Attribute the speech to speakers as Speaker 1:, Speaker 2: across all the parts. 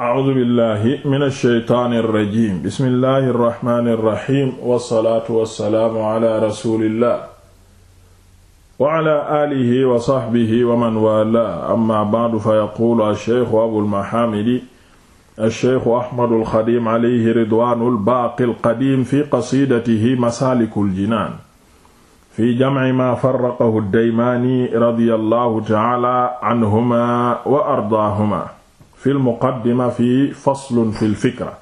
Speaker 1: a'uuzu billahi mina shaytaani rajiim bismillahi rahmaani rahiim wasalaatu wasalaamu ala rasulillah wa ala aalihi wa sahbihi wa man waalaahu amma ba'du fa yaquulu ash-shaykhu abul mahaamidi ash-shaykhu ahmadul xadiim alayhi ridwaanul baaqil qadiim fi qasiidatihi masaalikul jinaan fi jamci maa farraqahu ad-daymaani radiyallahu ta'aala anhumaa wa ardaahumaa fi lmuqaddima fi faslun fi lfikra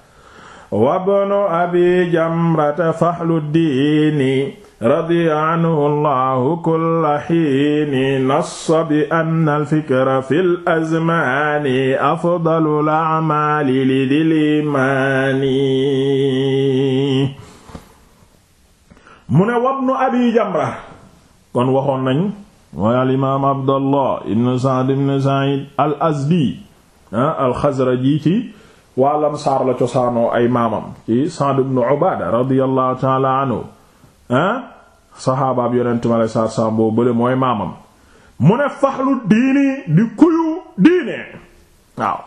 Speaker 1: wabnu abi jamrata fahluddiini radiya anhu llahu kulla xiini nassa bi anna alfikra fi lazmaani afdalu lacmaali lidilimaani mu ne wabnu abi jamra kon waxoon nañ mooy alimaam abdallah ibn saad ibn said al azdi alxazraji ci waa lamsaar la cosaanoo ay maamam ci Sa'd ibn Ubaada radiyallahu taala anhu saxaabaab yonent mi aleyhi salaatu salaam boobu bële mooy maamam mu ne faxlu diini di kuyu diine waaw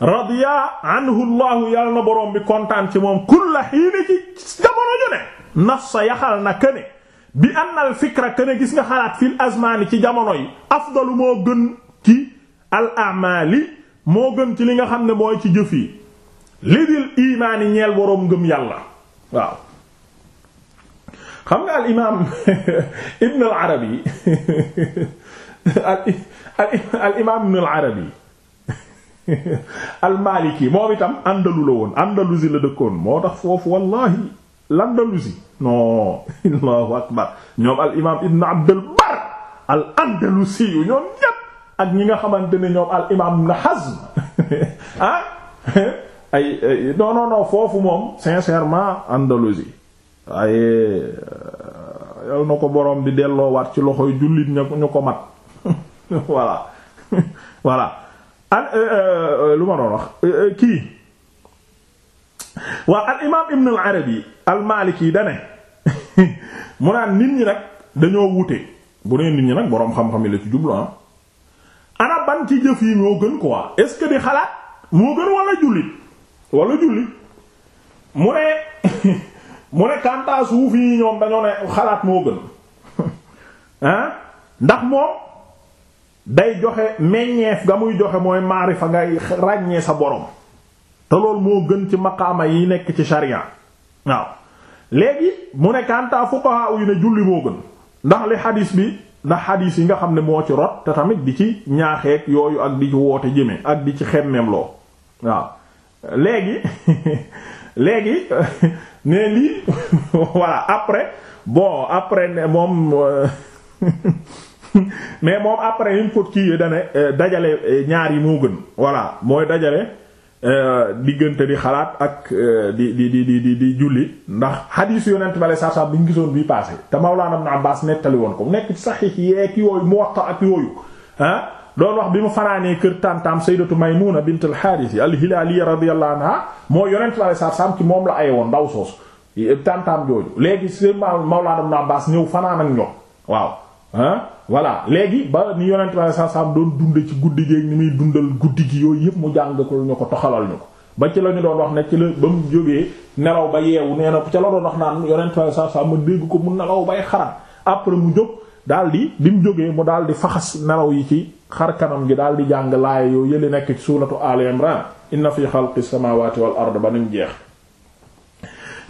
Speaker 1: radiya anhu llahu yàlla na boroom bi kontaan ci moom kulla xiini ci jamono ju ne nas sa yaxal na këne bi anna al fikra këne gis nga xalaat fil azmaani ci jamono yi afdalu moo gën ci al amaali moo gën ci li nga xam ne mooy ci jëf yi li dil imaani ñeel boroom ngëm yàlla waaw xam nga al imaam ibn al arabi al imaam moom itam andalu la woon andalusi la dëkkoon moo tax foofu wallahi l'andalusi non allahu akbar ñoom al imaam ibn bar al andalusi ñoom ñépp ak ñi nga xamante ne ñoom al imaam Ibn Hazm ah ay non foofu moom sincèrement Andalousie waaye euh, yal na ko boroom bi delloowaat ci loxoy jullit ña ñu ko mat voilà voilà euh, euh, lu ma doon wax kii waa al imaam Ibn al Arabi al Maliki da ne mu naan nit ñi nag dañoo wute bu nee nit ñi nag boroom xam-xam yi la ci jublu ah. ci jëf yi ñoo gën quoi est ce que di xalaat moo gën wala jullit wala jullit mu ne mu ne kanta suuf yi ñoom dañoo ne xalaat moo gën ndax moom day joxe meññeef nga muy joxe mooy maarifa ngay ràññee sa borom te loolu moo gën ci maqaama yi nekk ci sharia waaw léegi mu ne kanta fuqaha yi ne julli moo gën ndax li hadis bi ndax xadiis yi nga xam ne moo ci rot te tamit di ci ñaaxeeg yooyu ak di ci woote jëme ak di ci xemmeem loo waaw léegi léegi ne lii voilà après boo après moom mais moom après ni mu ci kii dane euh, dajale euh, ñaar yi moo gën voilà mooy dajale Euh, diggante di xalaat ak euh, di di di di di julli ndax xadiis yonent bale saa saa bi ñu gisoon bii passé te Mawlaana Ibn Abbaas nettali woon ko nekk ci saxiix yeeg yooyu Muwatta ak yooyu ah doon wax bi mu fanaanee kër tantam sayyidatu Maymuna bint al-Haaris al-Hilaaliya radiyallahu anha moo yonent bale saa saa moom la aye woon ndaw soosu tantam jooju léegi seen Mawlaana Ibn Abbaas ñëw fanaan ak ñoom waaw. ah voilà léegi ba ni yonent bi saa saa doon dund ci guddi gi ni muy dundal guddi gi yooyu yëpp mu jàng ko ñu ko toxalal ñu ko ba ci la ñu doon wax ne ci la ba mu jógee nelaw ba yeewu nee na ca la doon wax naan yonent bi saa saa ma dégg ko mu nelaw bay xaran après mu jóg daal di bi mu jógee mu daal di faxas nelaw yi ci xar kanam gi daal di jàng laay yooyu yële nekk ci suuratu Al Imran inna fi xalqi samawati wal ard ba nu jeex.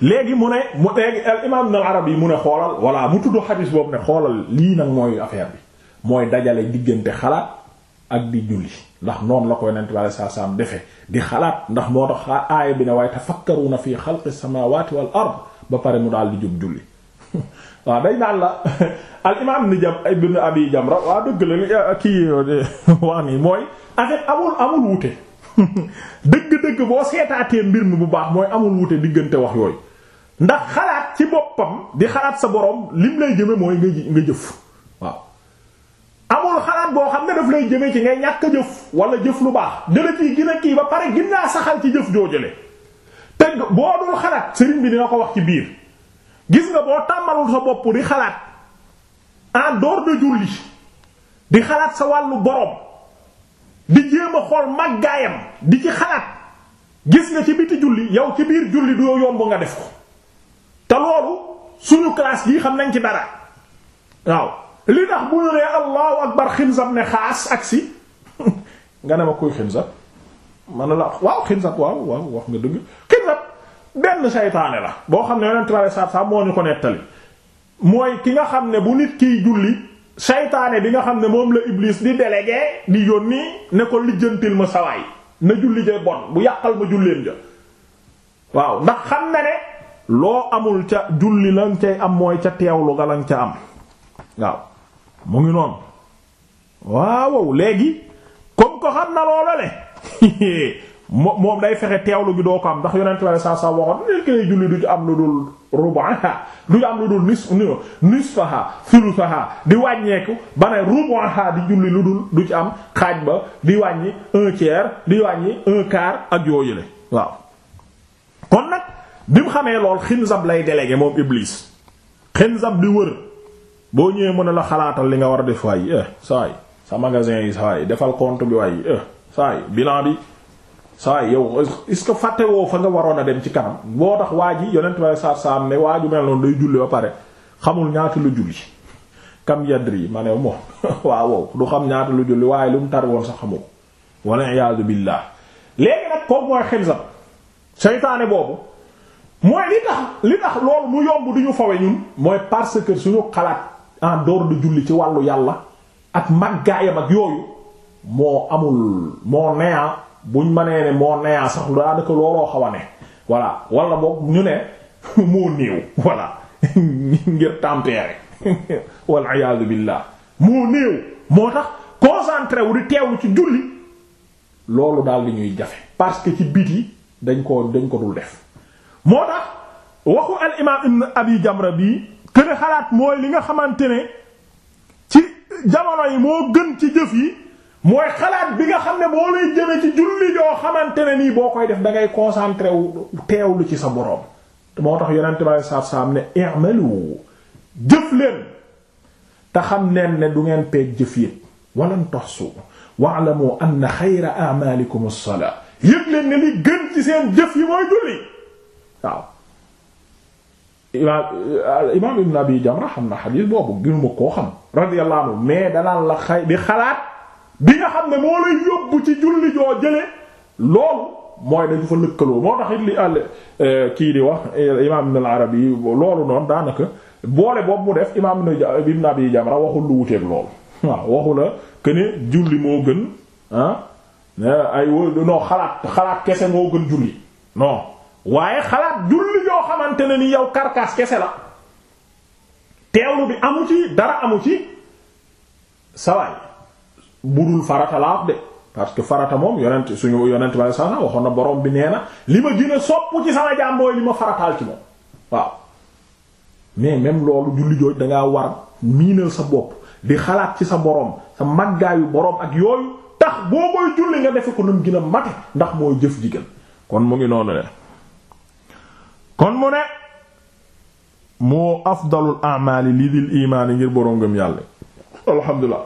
Speaker 1: léegi mu ne mu léegi al imam ibn al arabi mu ne xoolal walla mu tudd xadis boobu ne xoolal lii nag mooy affaire bi mooy dajale diggante xalaat ak di julli ndax noonu la koy nent bi alei saa salaam defee di xalaat ndax moo tax aaya bi ne waaye tafakkaruna fi xalqi samawati wal ard ba pare mu daal di jub julli waaw dañ naan la al imam ni jam ibn abi jamra waaw dëgg la ah, kii wax ni mooy en fait amul amul wute dëgg-dëgg boo seetaatee mbir mi bu baax mooy amul wute diggante wax yooyu ndax xalaat ci boppam di xalaat sa boroom lim lay jëme mooy nga jëf waaw amul xalaat boo xam ne daf lay jëme ci ngay ñàkk jëf wala jëf lu baax dëla ci gën kii ba pare gën naa saxal ci jëf joojale te boo amul xalaat sëriñ bi dina ko wax ci biir gis nga boo tàmmalul sa bopp di xalaat en dehors de julli di xalaat sa wàllu borom di jéem a xool màggaayam di ci xalaat gis nga ci biti julli yow ci biir julli du yomb nga def ko te loolu suñu classe yi xam nañ ci dara waaw li tax bu ñu nee allahu akbar xinzab ne xaas agsi nga ne ma kuy xinzab man la waaw xinzab waaw waaw wax nga dëgg xinzab benn saytaane la boo xam ne yonent bi saab saab moo ñu ko nettali mooy ki nga xam ne bu nit kiy julli saytaane bi nga xam ne moom la iblis di délégué di yónni ne ko lijjantil ma sawaay na julli ja bon bu yàqal ma julleen ja waaw ndax xam na ne loo amul ca julli lan cay am mooy ca teewlu ga lan ca am waaw mu ngi noonu waaw léegi comme ko xam na loolu le moom day fexe teewlu bi doo ko am ndax yonent la saa saa waxoon nit ki julli du ci am lu dul rubaha du am lu dul nis nisfaha di wàññeeku ba ne rubaha du ci am xaaj ba di wàññi un tiers di wàññi un quart ak yooyu le waaw kon nag bi mu xamee lool xinzab lay délégué moom iblis xinzab di wër boo ñëwee mën la xalaatal li nga war a def waay eh saay sa magasin yi saay defal compte bi waay eh saay bilan bi saay yow est-ce que fàtte woo fa nga waroon a dem ci kanam boo tax waa ji yonent ba saar waa ju mel noonu day julli ba pare xamul ñaata lu julli kam yadri ma ne moom waaw wow du xam ñaata lu julli waaye lu mu tar woon sax xamu walla iyaazu billaah léegi nag kooku mooy xinzab seytaane boobu mooy li tax li tax loolu mu yomb du ñu fawe ñun mooy parce que suñu xalaat en dehors de julli ci wàllu yàlla ak màggaayam ak yooyu moo amul moo neyaa buñ mënee ne moo neyaa sax daanaka looloo xaw a ne wala boog ñu ne moo néew voilà ngir tempérer wal iyaadu billah moo néew moo tax concentré wu di teewlu ci julli loolu daal li ñuy jafe parce que ci biti dañ ko dañ ko dul def moo tax waxu al imaam abi jamra bii kën a xalaat mooy li nga xamante ne ci jamono yi moo gën ci jëf yi mooy xalaat bi nga xam ne moo lay jëme ci julli joo xamante ne nii boo koy def da ngay concentré wu teewlu ci sa boroom moo tax yonent bi saaf saaf ne i'malu jëf leen te xam leen ne du ngeen peeg jëf yi yépp walan tahsu wa'lamu anna xayra a'malikum as-salaa yëg leen ne li gën ci seen jëf yi mooy julli waaw imaam euh, imaam ibn jamra xam na xadiis boobu ginuma koo xam radiyallahu anhu mais danaan la xay di xalaat bi nga xam ne moo lay yóbbu ci julli joo jële loolu mooy dañu fa lëkkaloo moo tax it li àll euh, kii di wax euh, imaam ibn al arabi loolu noonu daanaka boole boobu mu def imaam ibn abi jamra waxul lu wuteeg loolu waaw waxu la julli moo gën ah ay non xalaat xalaat kese moo gën julli non waaye xalaat julli yoo xamante ne ni yow karkaas kese la teewlu bi amu ci dara amu ci sawaay budul farata laa de parce que farata moom yonent suñu yonent ba sax waxoon na boroom bi nee na li ma gën a sopp ci sama jàmbooy li ma farataal ci moom waaw mais même loolu julli jooj dangaa war miinal sa bopp di xalaat ci sa boroom sa màggaayu boroom ak yooyu tax boo koy julli nga defe ko nu mu gën mate ndax moo jëf jigéen kon mu ngi noonu ne kon mu ne moo afdalul amaali lii dil imaani ngir boroom ngëm yàlla alhamdulilah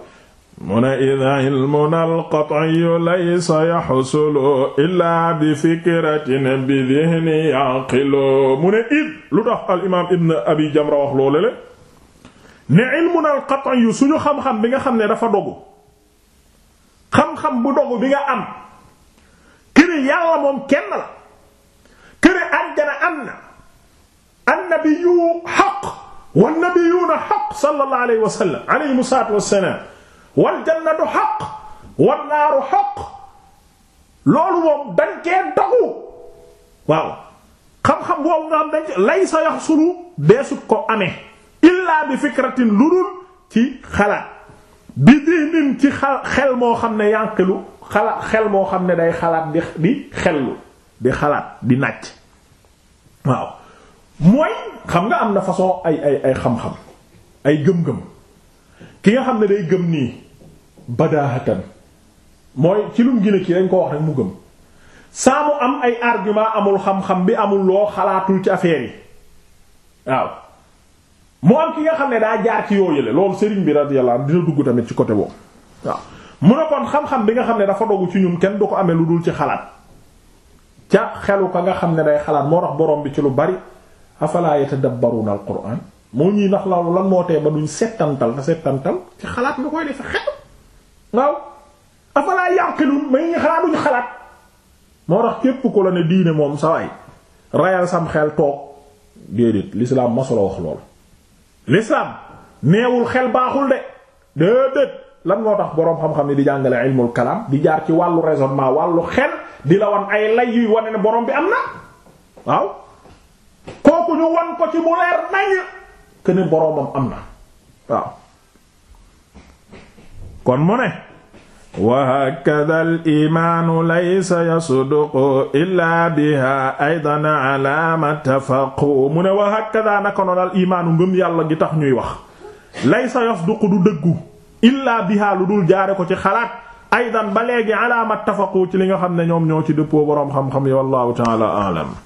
Speaker 1: mu ne ida ilmuna alqat'iyu laysa yaxsulu illaa bi fikratin bi dihni ne id lu tax al ibn abi jamra wax loolu le ne ilmuna alqat'iyu suñu xam-xam bi nga xam ne dafa dogu xam-xam bu am kër yàlla moom kenn këne àjjana am na annabiyyu xaq wannabiyuuna xaq sallallahu alayhi wa sallam alayhi salaatu wassalaam wal xaq wan naaru xaq loolu moom dañ kee waaw xam-xam boobu nga dañ ci lay beesut ko amee illaa bi fikratin lu dul ci xalaat bi dihnin ci xel moo xam ne yanqilu xel moo xam ne day xalaat di xel xellu di xalaat bi nàcc waaw mooy xam nga am na façon ay ay ay xam-xam ay gëm-gëm ki nga xam ne day gëm nii badaahatan mooy ci lum gën a kii dañ ko wax rek mu gëm saa mu am ay argument amul xam-xam bi amul loo xalaatul ci affaire yi waaw mu am ki nga xam ne daa jaar ci yoo yële loolu sëriñ bi radiyallahu anhu dina dugg tamit ci côté boobu waaw mu ne kon xam-xam bi nga xam ne dafa dogu ci ñun kenn du ko amee lu dul ci xalaat ca xelu ka nga xam ne day xalaat moo tax borom bi ci lu bari afala yatadabbaruna alquran moo ñuy ndax loolu lan moo tee ba duñ settantal te settantal ci xalaat nga koy defe xel waaw afala yaqilun may ñu xalaat duñ xalaat moo tax képp ku la ne diine moom sa waay rayal sam xel toog déedéet l'islam masula wax lool l'islam neewul xel baaxul de déedéet lan moo tax boroom xam-xam ni di jàngale ilmul kalam di jaar ci wàllu raisonnement wàllu xel di la wan ay lay yuy wane ne borom bi am na waaw kooku ñu wan ko ci mu leer nañ que ne am na waaw kon mu ne wa hakadha al imaanu laysa yasduqu illaa biha aydan ala mattafaqu mu ne wa hakadha naka noon al ngëm yàlla gi tax ñuy wax laysa yasduqu du dëggu illaa biha lu dul jaare ko ci xalaat aydan ba léegi alaa mattafaqu ci li nga xam ne ñoom ñoo ci dëppoo boroom xam-xam yi wallahu taala alam